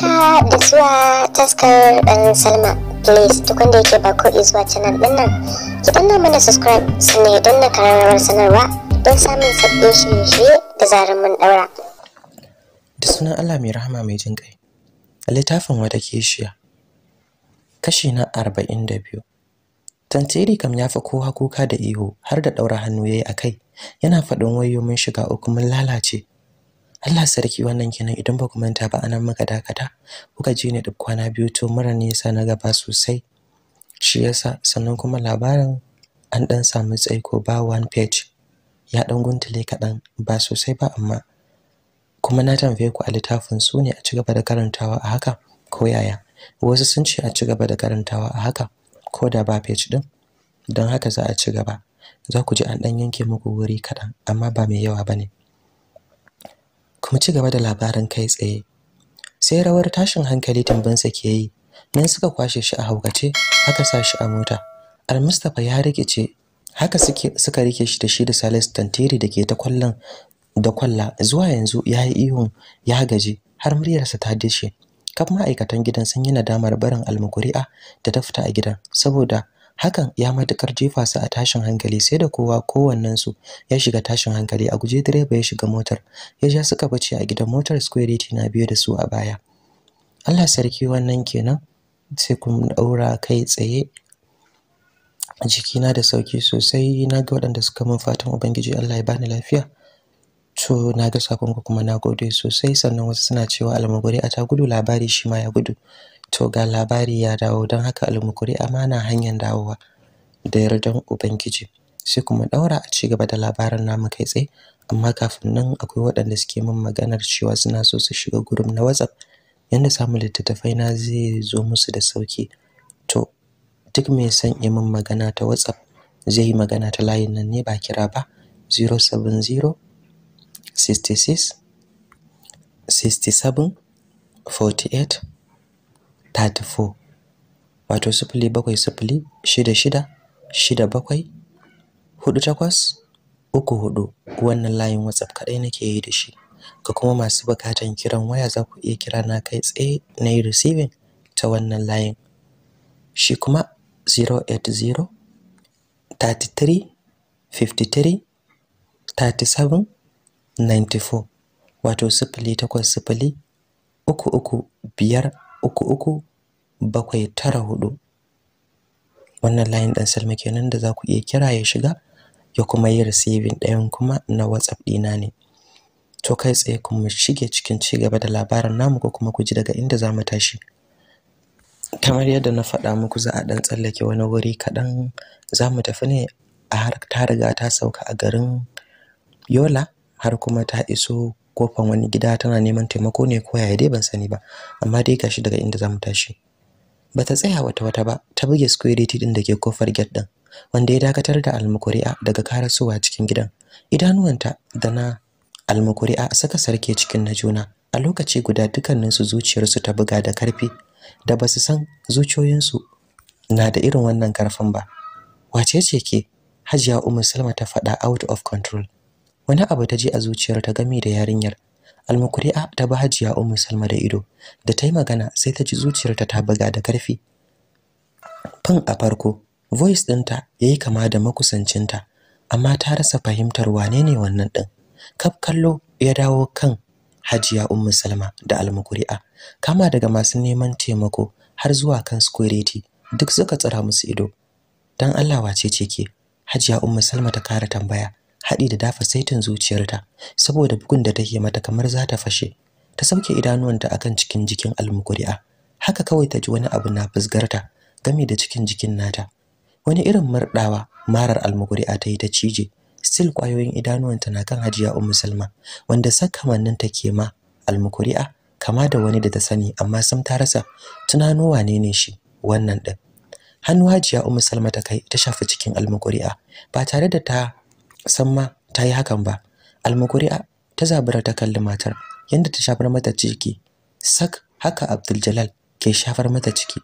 haka da zuwa taskar dan salma please duk wanda yake ba ko zuwa canal din nan ki danna mana subscribe sannan ya danna karamar sanarwa don samun sabbin shirye-shirye da zarar mun daura da sunan allah mai rahama mai jin kai a littafin wata keshiya kashi na arba'in da biyu tantiri kam ya fi kowa kuka da ihu har da ɗaura hannu ya yi a kai yana faɗin wayo mun shiga uku mun lalace Allah sarki wannan kenan idan ba ku manta ba anan muka dakata kuka je ni duk kwana biyu to mura ne yasa na gaba sosai shi yasa sannan kuma labarin an dan samu tsaiko ba one page ya dan guntule kaɗan ba sosai ba amma kuma na tambaye ku a littafin su ne a ci gaba da karantawa a haka ko yaya wasu sun ce a ci gaba da karantawa a haka ko da ba page din don haka za a ci gaba za ku ji an dan yanke muku wuri kaɗan amma ba mai yawa bane kuma ci gaba da labarin kai tsaye sai rawar tashin hankali tambansa ke yi nan suka kwashe shi a haukace aka sa shi a mota almustapha ya rikice haka suka rike shi da shi da Salisu Tantiri da ke ta kwallon da kwalla zuwa yanzu ya yi ihun ya gaji har muryarsa ta dishe kaf ma'aikatan gidan sun yi nadamar barin almukuri'a da ta fita a gidan saboda hakan ya matukar jefa su a tashin hankali sai da kowa kowannen su ya shiga tashin hankali a guje direba ya shiga motar ya ja suka bace a gidan motar security na biyo da su a baya Allah sarki wannan kenan sai kun daura kai tsaye jikina da sauki sosai na ga waɗanda suka min fatan ubangiji Allah ya bani lafiya to na ga sakonku kuma na gode sosai sannan wasu suna cewa almaguri a ta gudu labari shi ma ya gudu to ga labari ya dawo don haka almukuri amana hanyar dawowa da yardan ubangiji sai kuma daura a cigaba da labarin namu kai tsaye amma kafin nan akwai waɗanda suke min maganar cewa suna so su shiga gurin na WhatsApp yanda samun littattafai na zai zo musu da sauki to duk mai son yi min magana ta WhatsApp zai yi magana ta layin nan ne ba kira ba 070 66 67 48 34 wato 0700 66 67 48 uku hudu wannan layin WhatsApp kaɗai nake yi da shi ga kuma masu bukatan kiran waya za ku iya kira na kai tsaye na yi receiving ta wannan layin shi kuma 080 33 53 37 94 wato sifili takwas sifili uku uku biyar uku uku bakwai tara hudu wannan layin ɗan salma kenan da za ku iya kira ya shiga ya kuma yi receiving ɗayan kuma na whatsapp ɗina ne to kai tsaye kuma shige cikin ci gaba da labarin namu ko kuma ku ji daga inda za mu tashi kamar yadda na faɗa muku za a ɗan tsallake wani wuri kaɗan za mu tafi ne a har ta riga ta sauka a garin yola har kuma ta iso kofan wani gida tana neman taimako ne ko yaya dai ban sani ba amma dai gashi daga inda zamu tashi bata tsaya wata wata ba ta buge security din dake kofar gate din wanda ya dakatar da almukuri'a daga karasowa cikin gidan idanuwanta da na almukuri'a suka sarke cikin na juna a lokaci guda dukkaninsu zuciyarsu ta buga da karfi da basu san zuciyoyinsu na da irin wannan karfin ba wace ce ke hajiya umu salma ta faɗa out of control wani abu ta je a zuciyarta ta gami da yarinyar almukuri'a ta bi hajiya ummu salma da ido da ta yi magana sai ta ji zuciyarta ta buga da karfi fin a farko voice ɗinta ya yi kama da makusancinta amma ta rasa fahimtar wane ne wannan ɗin kaf kallo ya dawo kan hajiya ummu salma da almukuri'a kama daga masu neman taimako har zuwa kan security duk suka tsira musu ido Don Allah wace ce ke hajiya ummu salma ta kara tambaya haɗi da dafa saitin zuciyarta saboda bugun da take mata kamar za ta fashe ta sauke idanuwanta akan cikin jikin almukuri'a haka kawai ta ji wani abu na fusgarta game da cikin jikin nata wani irin murɗawa marar almukuri'a ta yi ta cije still kwayoyin idanuwanta na kan hajiya ummu salma wanda sakamannin ta ke ma almukuri'a kama da wani da ta sani amma sam ta rasa tunano wane ne shi wannan din hannu hajiya ummu salma ta kai ta shafi cikin almukuri'a ba tare da ta san ma ta yi hakan ba almukuri'a ta zabura ta kalli matar yadda ta shafar mata ciki sak haka abdul ke shafar mata ciki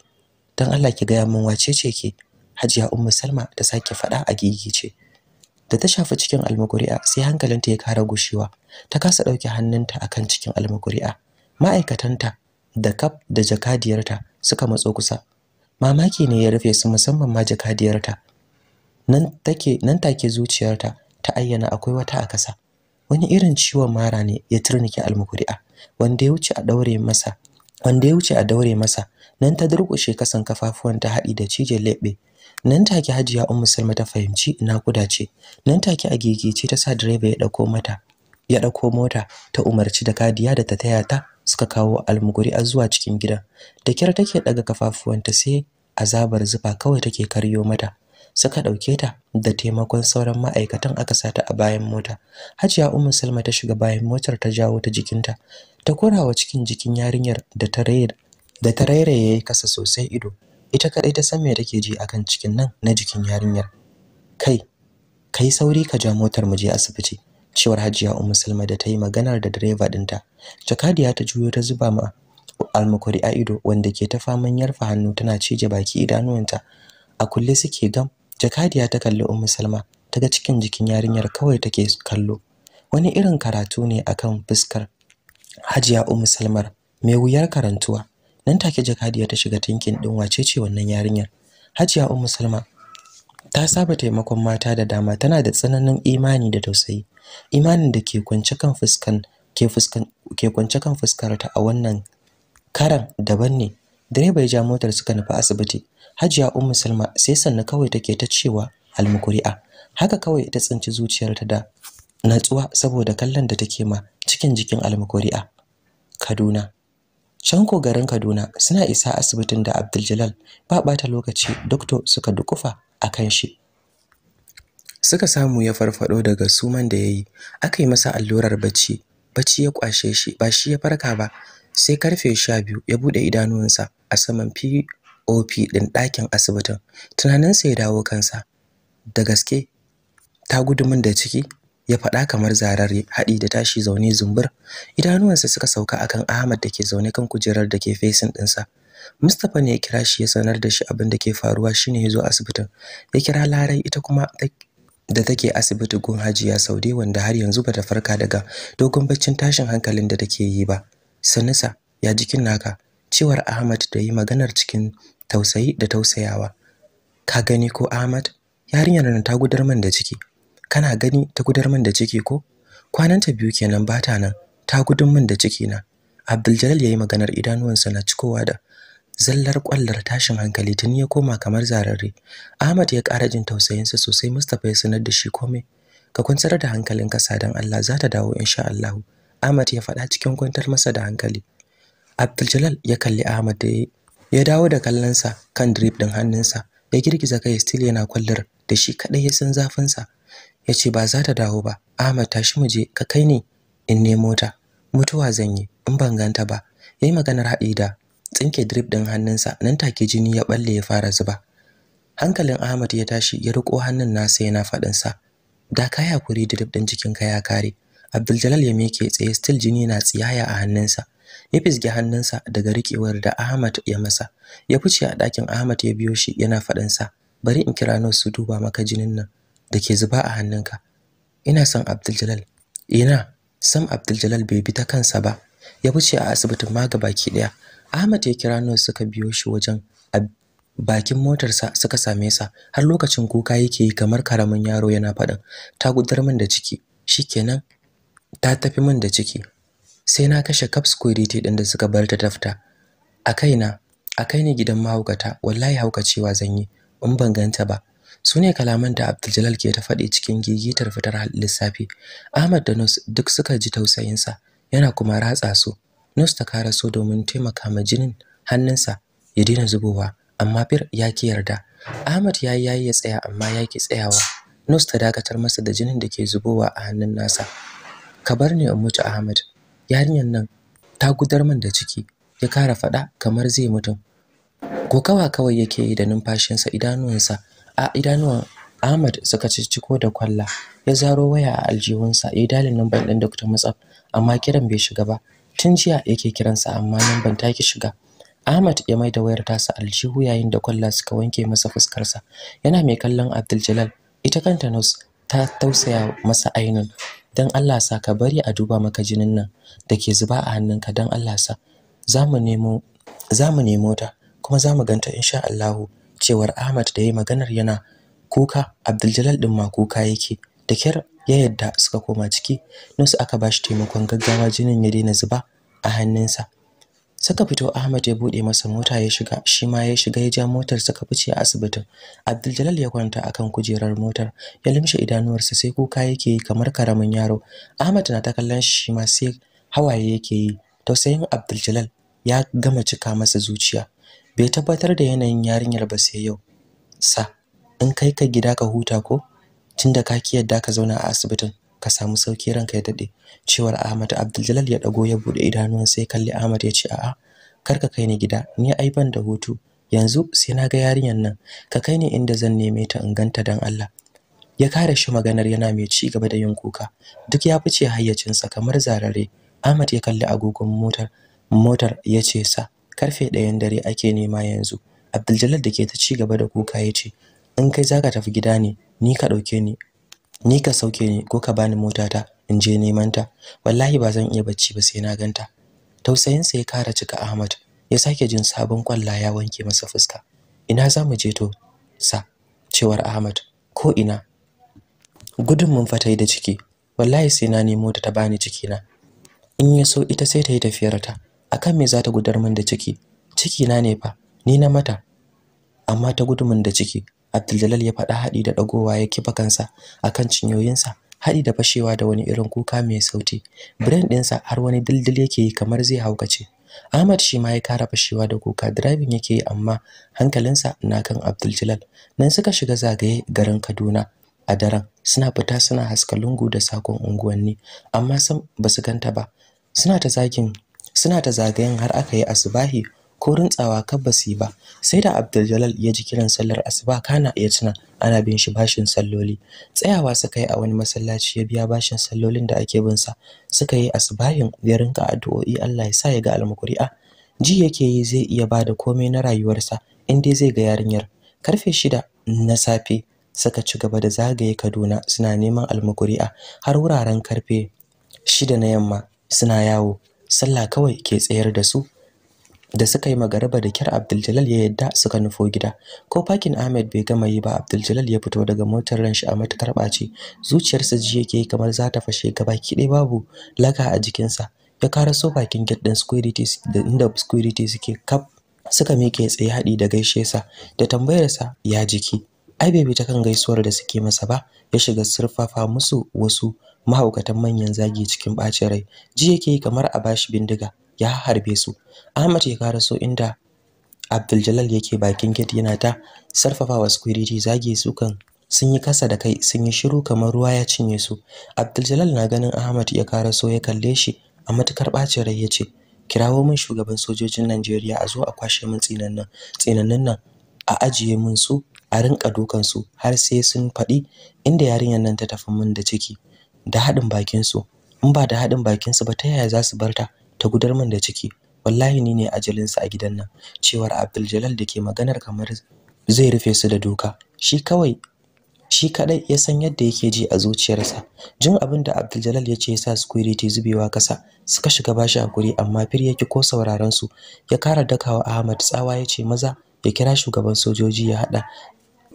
don allah ki gaya min wace ce ke hajiya ummu salma ta sake faɗa a gigice da ta shafi cikin almukuri'a sai hankalinta ya kara gushewa ta kasa ɗauke hannunta akan cikin almukuri'a ma'aikatanta da kaf da jakadiyarta suka matso kusa mamaki ne ya rufe su musamman ma jakadiyarta nan take nan take zuciyarta ta ayyana akwai wata a kasa wani irin ciwon mara ne ya turnike almukuri'a wanda ya wuce a daure masa wanda ya wuce a daure masa nan ta durƙushe kasan kafafuwan ta haɗi da cije leɓe nan take hajiya ummu salma ta fahimci ina kuda ce nan take a gegece ta sa direba ya ɗauko mata ya ɗauko mota ta umarci da kadiya da ta taya ta suka kawo almuguri'a zuwa cikin gidan da kyar take ɗaga kafafuwanta sai azabar zuba kawai take karyo mata suka ɗauke ta da taimakon sauran ma'aikatan aka sata a bayan mota hajiya ummu salma ta shiga bayan motar ta jawo ta jikinta ta korawa cikin jikin yarinyar da ta raira da ta yayi kasa sosai ido ita kadai ta san me take ji akan cikin nan na jikin yarinyar kai kai sauri ka ja motar mu je asibiti cewar hajiya ummu salma da ta yi maganar da direba dinta jakadiya ta juyo ta zuba ma almakuri a ido wanda ke ta faman yarfa hannu tana cije baki idanuwanta a kulle suke gam jakadiya ta kalli ummu salma ta ga cikin jikin yarinyar kawai take kallo wani irin karatu ne akan fuskar hajiya ummu salmar mai wuyar karantuwa nan take jakadiya ta shiga tinkin din wace ce wannan yarinyar hajiya ummu salma ta saba taimakon mata da dama tana da tsananin imani da tausayi imanin da ke kwance kan fuskan ke fuskan ke kwance kan fuskarta a wannan karan daban ne direba ya ja motar suka nufi asibiti Hajiya Ummu Salma sai sannu kawai take ta cewa almukuri'a haka kawai ta tsinci zuciyarta da natsuwa saboda kallon da take ma cikin jikin almukuri'a Kaduna can ko garin Kaduna suna isa asibitin da Abdul ba bata lokaci doctor suka dukufa akan shi suka samu ya farfado daga suman da yayi aka yi masa allurar bacci bacci ya kwashe shi ba shi ya farka ba sai karfe 12 ya bude idanunsa a saman OP ɗin ɗakin asibitin. Tunaninsa ya dawo kansa. Da gaske, ta gudumin da ciki ya faɗa kamar zarar haɗi da tashi zaune zumbur. Idanuwansa suka sauka akan Ahmad da ke zaune kan kujerar da ke fesin ɗinsa. Mustapha ne ya kira shi ya sanar da shi abin da ke faruwa shine ya zo asibitin. Ya kira Larai ita kuma da take asibiti gun Hajiya Saude wanda har yanzu bata farka daga dogon baccin tashin hankalin da take yi ba. Sanisa, ya jikin naka? cewar Ahmad da yi maganar cikin tausayi da tausayawa. Ka gani ko Ahmad? Yarinyar nan ta gudar man da ciki. Kana gani ta gudar man da ciki ko? Kwananta biyu kenan bata nan, ta gudun mun da ciki na. Abdul ya yi maganar idanuwansa na cikowa da zallar kwallar tashin hankali tuni ya koma kamar zararre Ahmad ya ƙara jin tausayinsa sosai Mustapha ya sanar da shi komai. Ka kwantar da hankalinka sadan Allah za ta dawo insha Allah. Ahmad ya faɗa cikin kwantar masa da hankali. Abdul ya kalli Ahmad da ya dawo da kallonsa kan drip din hannunsa ya girgiza kai still yana kwallar da shi kadai ya san zafin sa yace ba za ta dawo ba Ahmad tashi mu je ka kai ni in nemo ta mutuwa zan yi in ban ganta ba yayi maganar haɗi da tsinke drip din hannunsa nan take jini ya balle ya fara zuba hankalin Ahmad ya tashi ya riko hannun nasa yana faɗin sa da ka kuri drip din jikinka ya kare Abdul ya meke tsaye still jini na tsiyaya a hannunsa ya fisge hannunsa daga rikewar da Ahmad ya masa ya fice a ɗakin Ahmad ya biyo shi yana faɗin sa bari in kira nurse su duba maka jinin nan da ke zuba a hannunka ina son Abdul Jalal ina son Abdul Jalal bai bi ta kansa ba ya fice a asibitin maga baki daya Ahmad ya kira nurse suka biyo shi wajen bakin motarsa suka same sa har lokacin kuka yake yi kamar karamin yaro yana faɗin ta gudar min da ciki shikenan ta tafi min da ciki sai na kashe cap security din da suka bar ta tafta a kaina a kai gidan mahaukata wallahi haukacewa zan yi in ban ganta ba Sune kalaman da Abdul ke ta faɗi cikin gigitar fitar lissafi Ahmad da Nus duk suka ji tausayinsa yana kuma ratsa su Nus ta kara so domin taimaka ma jinin hannunsa ya daina zubowa amma fir ya ki yarda Ahmad ya yi yayi ya tsaya amma ya ki tsayawa Nus ta dakatar masa da jinin da ke zubowa a hannun nasa ka bar ni in mutu Ahmad yarinyar nan ta gudar min da ciki ya kara faɗa kamar zai mutum kokawa kawai yake yi da numfashinsa idanuwansa a idanuwan Ahmad suka cicciko da kwalla ya zaro waya a aljihunsa ya dalin lambar ɗin Dr. Mutsaf amma kiran bai shiga ba tun jiya yake kiransa amma lambar ta ki shiga Ahmad ya maida wayar tasa aljihu yayin da kwalla suka wanke masa fuskarsa yana mai kallon Abdul Jalal ita kanta ta tausaya masa ainun dan Allah sa ka bari a duba maka jinin nan da ke zuba a hannunka dan Allah sa zamu nemo zamu nemo ta kuma zamu ganta insha Allah cewar Ahmad da yayi maganar yana kuka Abdul din ma kuka yake da kyar ya yadda suka koma ciki nusu aka bashi taimakon gaggawa jinin ya daina zuba a hannunsa suka fito Ahmad ya bude masa mota ya shiga shi ma ya shiga ya ja motar suka fice a asibitin Abdul ya kwanta akan kujerar motar ya limshe idanuwarsa sai kuka yake yi kamar karamin yaro Ahmad na ta kallon shi ma sai hawaye yake yi tausayin Abdul ya gama cika masa zuciya bai tabbatar da yanayin yarinyar ba sai yau sa in kai ka gida ka huta ko tunda ka ki yadda ka zauna a asibitin ka samu sauki ranka ya dade cewar Ahmad Abdul ya dago ya bude idanuwan sai kalli Ahmad ya ce a'a kar ka kai ni gida ni ai ban da hutu yanzu sai na ga yarinyar nan ka kai ni inda zan neme ta in ganta dan Allah ya kare shi maganar yana mai ci gaba da yin kuka duk ya fice hayyacinsa kamar zarare Ahmad ya kalli agogon motar motar ya ce sa karfe ɗayan dare ake nema yanzu Abdul da ke ta ci gaba da kuka ya ce in kai zaka tafi gida ne ni ka dauke ni ni ka sauke ni ko ka bani motata in je neman ta wallahi ba zan iya bacci ba sai na ganta tausayinsa ya kara cika Ahmad ya sake jin sabon kwalla ya wanke masa fuska ina za mu je to sa cewar Ahmad ko ina gudun mun fatai da ciki wallahi sai na nemo ta ta bani ciki na in ya so ita sai ta yi tafiyar ta akan me za ta gudar min da ciki ciki na ne fa ni na mata amma ta gudu min da ciki Abdul ya faɗa haɗi da ɗagowa ya kifa kansa akan cinyoyinsa haɗi da fashewa da wani irin kuka mai sauti. Brain ɗinsa har wani dildil yake yi kamar zai haukace. Ahmad shi ma ya kara fashewa da kuka driving yake yi amma hankalinsa na kan Abdul Nan suka shiga zagaye garin Kaduna a daren suna fita suna haska lungu da sakon unguwanni amma sam basu ganta ba. Suna ta zagin suna ta zagayen har aka yi asubahi ko rintsawa kar ba su yi ba sai da Abdul ya ji kiran sallar asuba kana iya tuna ana bin shi bashin salloli tsayawa suka yi a wani masallaci ya biya bashin sallolin da ake bin sa suka yi asubahin ya rinka addu'o'i Allah ya sa ya ga almukuri'a ji yake yi zai iya ba da komai na rayuwarsa in dai zai ga yarinyar karfe shida na safe suka ci gaba da zagaye Kaduna suna neman almukuri'a har wuraren karfe shida na yamma suna yawo sallah kawai ke tsayar da su da suka yi magaraba da kyar Abdul ya yadda suka nufo gida ko fakin Ahmed bai gama yi ba Abdul ya fito daga motar ranshi a matakar ɓaci zuciyarsa ji yake kamar za ta fashe gaba ɗaya babu laka a jikinsa ya so bakin gate din security da inda security suke kap suka miƙe tsaye haɗi da gaishe sa da tambayarsa ya jiki ai bai ta kan gaisuwar da suke masa ba ya shiga surfafa musu wasu mahaukatan manyan zagi cikin ɓacin rai ji yake kamar a bashi bindiga ya harbe su Ahmad ya su inda Abdul yake bakin gate yana ta sarfafawa security zage su kan sun yi kasa da kai sun yi shiru kamar ruwa ya cinye su Abdul na ganin Ahmad ya su ya kalle shi a matukar bacin rai yace kirawo min shugaban sojojin Najeriya a zo a kwashe min tsinannan tsinannan nan a ajiye mun su a rinka dukan su har sai sun faɗi inda yarinyar nan ta tafi mun da ciki da haɗin bakin su in ba da haɗin bakin su ba ta yaya za su bar ta ta gudar min da ciki wallahi ni ne sa a gidan nan cewar Abdul Jalal da ke maganar kamar zai rufe su da doka shi kawai shi kadai ya san yadda yake ji a zuciyarsa jin abin da Abdul Jalal ya ce yasa security zubewa kasa suka shiga bashi hakuri amma fir yake ko sauraron su ya kara dakawa Ahmad tsawa yace maza ya kira shugaban sojoji ya hada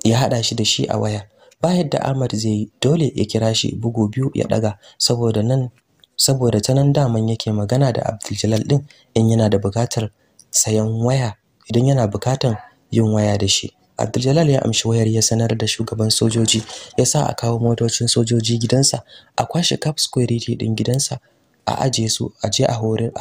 ya hada shi da shi a waya ba yadda Ahmad zai dole ya kira shi bugu biyu ya daga saboda nan saboda ta nan daman yake magana da Abdul din in yana da bukatar sayan waya idan yana buƙatar yin waya da shi Abdul ya amshi wayar ya sanar da shugaban sojoji ya sa a kawo motocin sojoji gidansa a kwashe cap security din gidansa a aje su a horar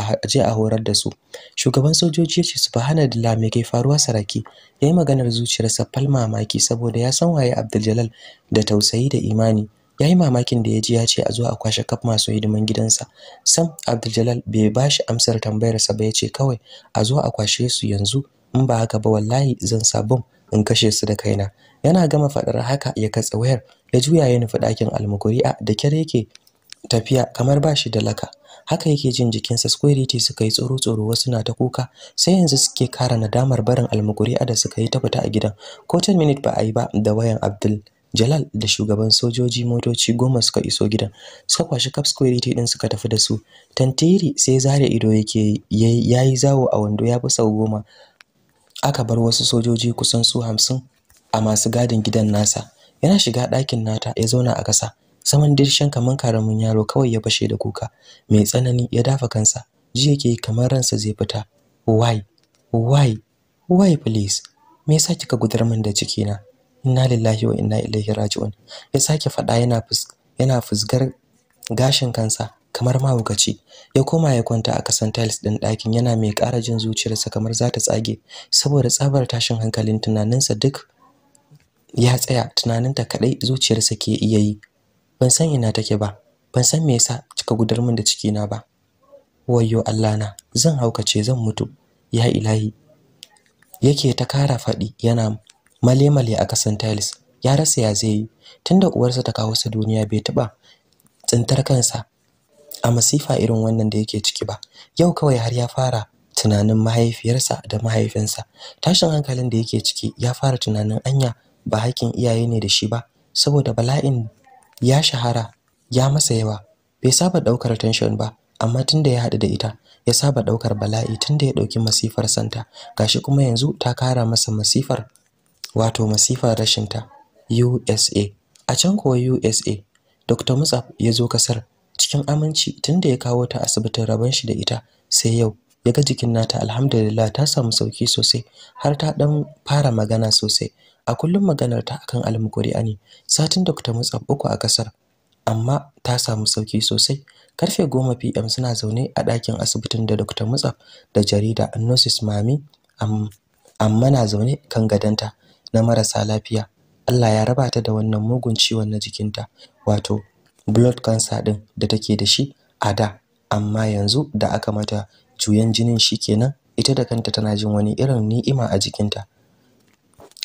a horar da su shugaban sojoji ya yace subhanallah me kai faruwa saraki yayi maganar zuciyarsa fal mamaki saboda ya san waye Abdul da tausayi da imani ya yi mamakin da ya ji ya ce a zo a kwashe kaf masu hidiman gidansa sam abdul bai bashi shi amsar tambayarsa ba ya ce kawai a zo a kwashe su yanzu in ba haka ba wallahi zan sa bom in kashe su da kaina yana gama faɗar haka ya katse wayar ya juya ya nufi ɗakin almukuri'a da kyar yake tafiya kamar ba shi da laka haka yake jin jikinsa security suka yi tsoro tsoro wasu na ta kuka sai yanzu suke kara nadamar barin almukuri'a da suka yi ta fita a gidan ko 10 minute ba a yi ba da wayan abdul Jalal da shugaban sojoji motoci goma suka iso gidan suka kwashi cap security din suka tafi da su tantiri sai zare ido yake yayi zawo a wando ya fi sau goma aka bar wasu sojoji kusan su hamsin a masu gadin gidan nasa yana shiga ɗakin nata ya zauna a ƙasa saman dirshen kamar karamin yaro kawai ya fashe da kuka mai tsanani ya dafa kansa ji yake kamar ransa zai fita why why why please me yasa kika gudar min da cikina inna lillahi wa inna ilaihi raji'un ya sake faɗa yana yana fusgar gashin kansa kamar mahaukaci ya koma ya kwanta a kasan tiles din ɗakin yana mai ƙara jin zuciyarsa kamar za ta tsage saboda tsabar tashin hankalin tunaninsa duk ya tsaya tunaninta kaɗai zuciyarsa ke iya yi ban san ina take ba ban san me yasa kika gudar min da cikina ba wayyo Allah na zan haukace zan mutu ya ilahi yake ta kara faɗi yana male-male a kasan tiles ya rasa ya zai yi tunda uwarsa ta kawo sa duniya bai taba tsintar kansa a masifa irin wannan da yake ciki ba yau kawai har ya fara tunanin mahaifiyarsa da mahaifinsa tashin hankalin da yake ciki ya fara tunanin anya ba hakkin iyaye ne da shi ba saboda bala'in ya shahara ya masa yawa bai saba daukar tension ba amma tunda ya haɗu da ita ya saba daukar bala'i tunda ya ɗauki masifar santa gashi kuma yanzu ta kara masa masifar wato masifa rashinta USA a can kuwa USA Dr. Mutsaf ya zo kasar cikin aminci tunda ya kawo ta asibitin rabon shi da ita sai yau ya ga jikin nata alhamdulillah ta samu sauki sosai har ta dan fara magana sosai a kullum maganar ta akan ne, satin Dr. Mutsaf uku a kasar amma ta samu sauki sosai karfe 10 PM suna zaune a ɗakin asibitin da Dr. Mutsaf da jarida Nurses Mami amma na zaune kan gadanta na marasa lafiya Allah ya raba ta da wannan mugun ciwon na jikinta wato blood cancer din da take da shi a da amma yanzu da aka mata juyan jinin shi shikenan ita da kanta tana jin wani irin ni'ima a jikinta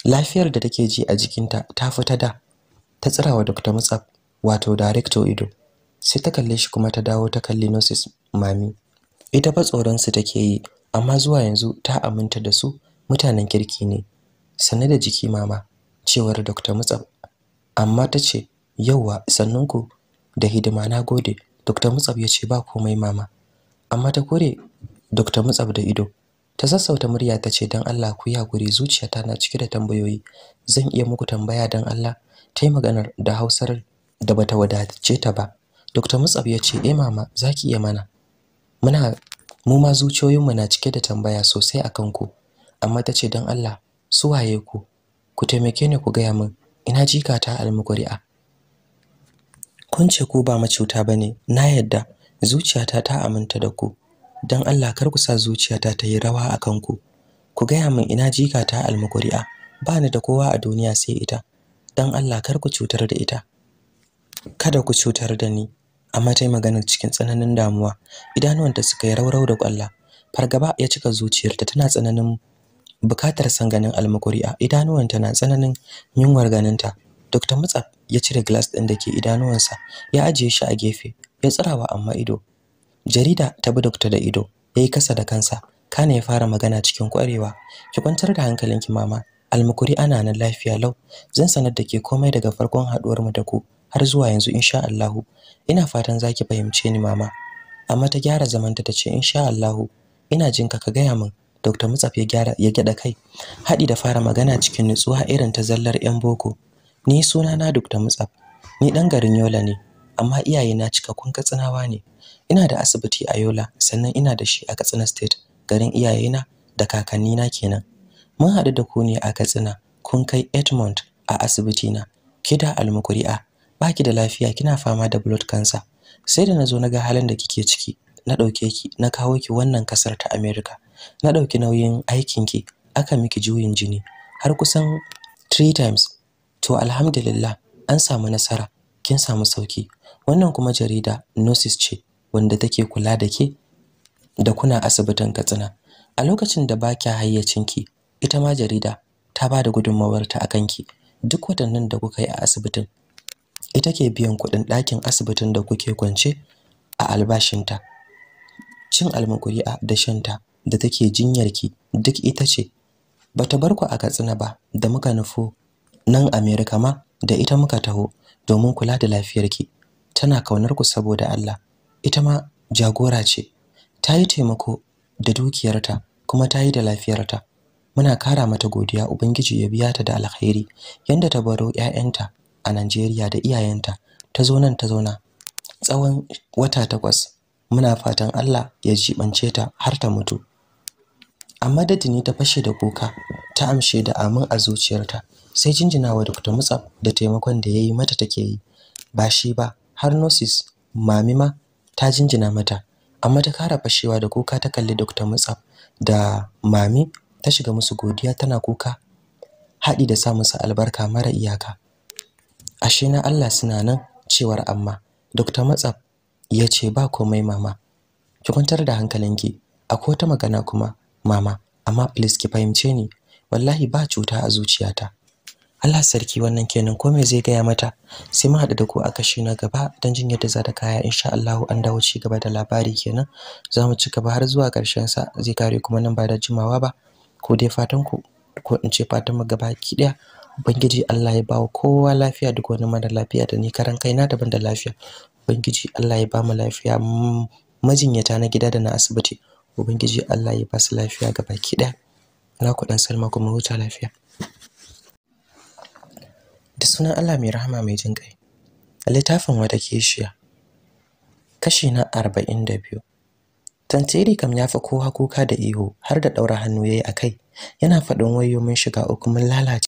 lafiyar da take ji a jikinta ta fita da ta tsirawa Dr. Mutsaf wato director ido sai ta kalle shi kuma ta dawo ta kalli nurses mami ita fa tsoron su take yi amma zuwa yanzu ta aminta da su mutanen kirki ne Sanne da jiki mama cewar Dr. Mutsab amma ta ce yauwa sannunku da hidima na gode Dr. Mutsab ya ce ba komai mama amma ta kore Dr. Mutsab da ido ta sassauta murya ta ce dan Allah ku yi hakuri zuciyata na cike da tambayoyi zan iya muku tambaya dan Allah ta yi maganar da Hausar da bata wadace ta ba Dr. Mutsab ya ce eh mama za ki iya mana muna mu ma zuciyoyinmu na cike da tambaya sosai akan ku amma ta ce dan Allah su waye ku ku taimake ni ku gaya min ina jikata almukuri'a kun ce ku ba macuta bane na yadda zuciyata ta aminta da ku dan Allah kar ku sa zuciyata ta yi rawa akan ku ku gaya min ina jikata almukuri'a ba ni da kowa a duniya sai ita dan Allah kar ku cutar da ita kada ku cutar da ni amma ta yi cikin tsananin damuwa idanuwanta suka yi raurau da kwalla fargaba ya cika zuciyarta tana tsananin bukatar san ganin almakuri a idanuwanta na tsananin yunwar ganinta Dr. Mutsaf ya cire glass ɗin da ke idanuwansa ya ajiye shi a gefe ya tsirawa amma ido jarida ta bi Dr. da ido yayi kasa da kansa kana ya fara magana cikin kwarewa ki kwantar da hankalinki mama almakuri ana nan lafiya lau zan sanar da ke komai daga farkon haduwar mu da ku har zuwa yanzu insha Allah ina fatan zaki fahimce ni mama amma ta gyara zamanta tace insha Allah ina jinka ka gaya min Dr. Mutsaf ya gyara ya gyada kai haɗi da fara magana cikin nutsuwa irin ta zallar ƴan boko ni sunana Dr. Mutsaf ni dan garin Yola ne amma iyaye na kun Katsinawa ne ina da asibiti a Yola sannan ina da shi a Katsina State garin iyaye na da kakanni na kenan mun haɗu da ku ne a Katsina kun kai Edmond a asibiti na kida almukuri'a baki da lafiya kina fama da blood cancer sai da nazo ga halin da kike ciki na ɗauke ki na kawo ki wannan kasar ta America na ɗauki nauyin aikinki aka miki juyin jini har kusan three times to alhamdulillah an samu nasara kin samu sauki wannan kuma jarida nurses ce wanda take kula da ke da kuna asibitin Katsina a lokacin da baki hayyacinki ita ma jarida ta ba da gudunmawarta a kanki duk waɗannan da kuka yi a asibitin ita ke biyan kuɗin ɗakin asibitin da kuke kwance a albashinta cin almakuri a da shanta da take ki duk ita ce bata bar ku a Katsina ba da muka nufo nan Amerika ma da ita muka taho domin kula da lafiyar ki. tana kaunar ku saboda Allah ita ma jagora ce ta yi taimako da dukiyarta kuma ta yi da lafiyarta muna kara mata godiya ubangiji ya biya ta da alkhairi yanda ta baro 'ya'yanta a Najeriya da iyayenta ta zo nan ta zauna tsawon wata takwas muna fatan Allah ya jibance ta har ta mutu a madadi ne ta fashe da kuka ta amshe da amin a zuciyarta sai jinjinawa Dr. Mutsaf da taimakon da yayi mata take yi ba shi ba har nosis mami ma ta jinjina mata amma ta kara fashewa da kuka ta kalli Dr. Mutsaf da mami ta shiga musu godiya tana kuka haɗi da sa musu albarka mara iyaka ashe na Allah suna nan cewar amma Dr. Matsaf ya ce ba komai mama ki kwantar da hankalinki akwai wata magana kuma mama amma please ki fahimce ni wallahi ba cuta a zuciyata Allah sarki wannan kenan ko me zai gaya mata sai mu haɗu da ku a kashi na gaba don jin yadda za ta kaya insha Allah an dawo ci gaba da labari kenan za mu ci gaba har zuwa ƙarshen sa zai kare kuma nan ba da jimawa ba ko dai fatan ku ko in ce fatan mu gaba ki daya ubangiji Allah ya bawa kowa lafiya duk wani mara lafiya da ni karan kaina daban da lafiya Bangiji Allah ya ba mu lafiya majinyata na gida da na asibiti ubangiji Allah ya ba su lafiya ga baki ɗaya na ku dan Salma kuma huta lafiya da sunan Allah mai rahama mai jin kai littafin wata keshiya kashi na arba'in 42 Tantiri kam ya fi kowa kuka da ihu har da ɗaura hannu ya yi a kai, yana faɗin wayo mun shiga uku mun lalace.